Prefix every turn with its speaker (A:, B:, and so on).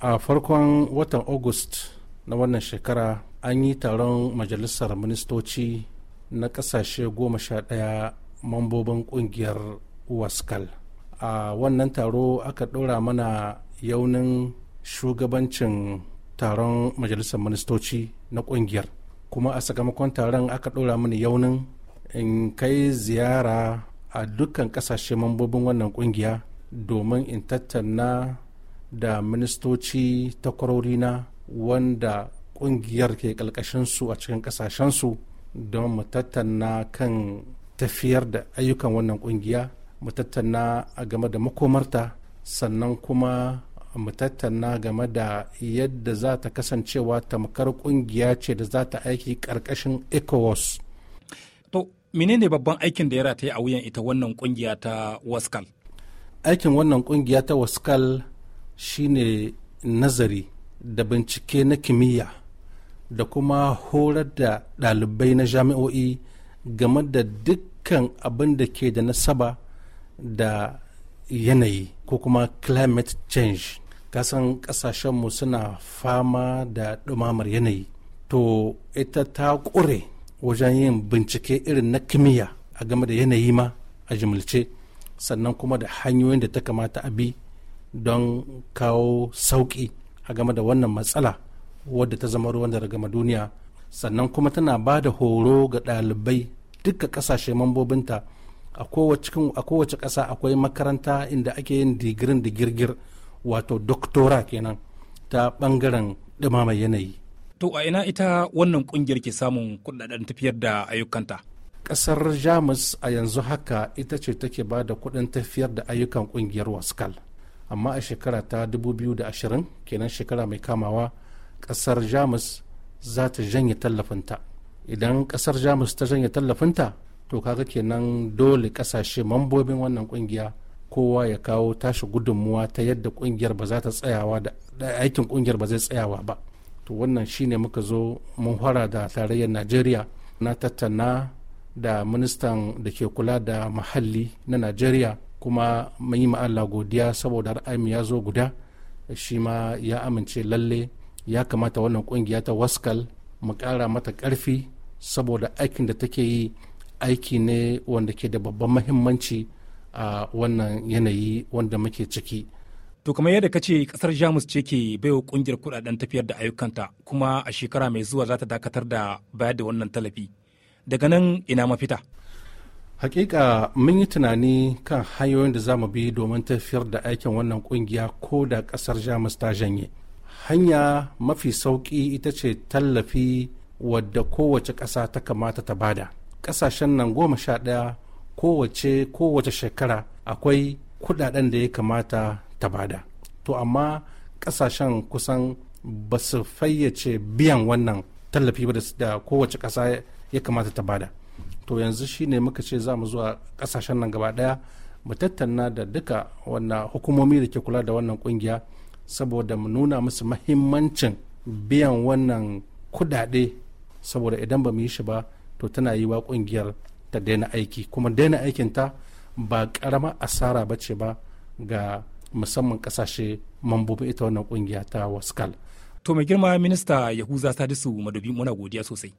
A: a farkon watan august na wannan shekara an yi taron majalisar ministoci na kasashe goma sha ɗaya mambobin ƙungiyar waskal a wannan taro aka ɗora mana yaunin shugabancin taron majalisar ministoci na ƙungiyar kuma a sakamakon taron aka ɗora mana yaunin in kai ziyara a dukkan ƙasashe mambobin wannan ƙungiya domin in tattauna da ministoci ta na wanda kungiyar ke su a cikin kasashensu don mu tattauna kan tafiyar da ayyukan wannan kungiya mu tattauna a game da makomarta sannan kuma mu tattauna game da yadda za ta kasancewa tamkar kungiya ce da za ta aiki karkashin ecowas
B: to menene babban aikin da ya rataye a wuyan ita wannan kungiya
A: ta waskal aikin wannan kungiya ta waskal shine nazari da bincike na kimiyya da kuma horar da ɗalibai na jami'o'i game da dukkan abin da ke da nasaba da yanayi ko kuma climate change kasan ƙasashenmu suna fama da ɗumamar yanayi to ita ta ƙure wajen yin bincike irin na kimiyya a game da yanayi ma a jimilce sannan kuma da hanyoyin da ta kamata a bi don kawo sauƙi a game da wannan matsala wadda ta zama ruwan da gama duniya sannan kuma tana ba da horo ga ɗalibai duka ƙasashe mambobinta a kowace ƙasa akwai makaranta inda ake yin digirin da girgir wato doktora kenan ta ɓangaren ɗumama yanayi to a ina ita wannan ƙungiyar ke
B: samun kuɗaɗen tafiyar da ayyukanta
A: ƙasar jamus a yanzu haka ita ce take ba da kuɗin tafiyar da ayyukan ƙungiyar waskal amma a shekara ta 2020 kenan shekara mai kamawa kasar jamus za ta janye tallafinta idan kasar jamus ta janye tallafinta to kaga kenan dole kasashe mambobin wannan kungiya kowa ya kawo tashi gudunmuwa ta yadda kungiyar ba za ta tsayawa da aikin kungiyar ba zai tsayawa ba to wannan shine muka zo mun fara da tarayyar najeriya na tattana da ministan da ke kula da muhalli na najeriya kuma mun yi Allah godiya saboda ra'ayin ya zo guda shi ma ya amince lalle ya kamata wannan kungiya ta waskal mu kara mata karfi saboda aikin da take yi aiki ne wanda ke da babban mahimmanci a wannan yanayi wanda muke ciki to kamar yadda kace kasar jamus ce
B: ke baiwa kungiyar kudaden tafiyar da ayyukanta kuma a shekara mai zuwa za ta dakatar da bayar da
A: wannan talafi daga nan ina mafita hakika mun yi tunani kan hanyoyin da za mu bi domin tafiyar da aikin wannan kungiya ko da kasar jamus ta janye hanya mafi sauki ita ce tallafi wadda kowace ƙasa ta kamata ta bada ƙasashen nan goma sha ɗaya kowace kowace shekara akwai kudaden da ya kamata ta bada to amma ƙasashen kusan ba su fayyace biyan wannan tallafi ba da kowace ƙasa ya kamata ta bada to yanzu shi ne muka ce za mu zuwa kasashen nan gaba daya mu tattauna da duka wannan hukumomi da ke kula da wannan kungiya saboda mu nuna musu mahimmancin biyan wannan kudade saboda idan ba mu yi shi ba to tana yi wa kungiyar ta daina aiki kuma daina aikin ta ba karama asara ba ce ba ga musamman kasashe mambobin ita wannan
B: kungiya ta waskal to mai girma minista yahuza sadisu madubi muna godiya sosai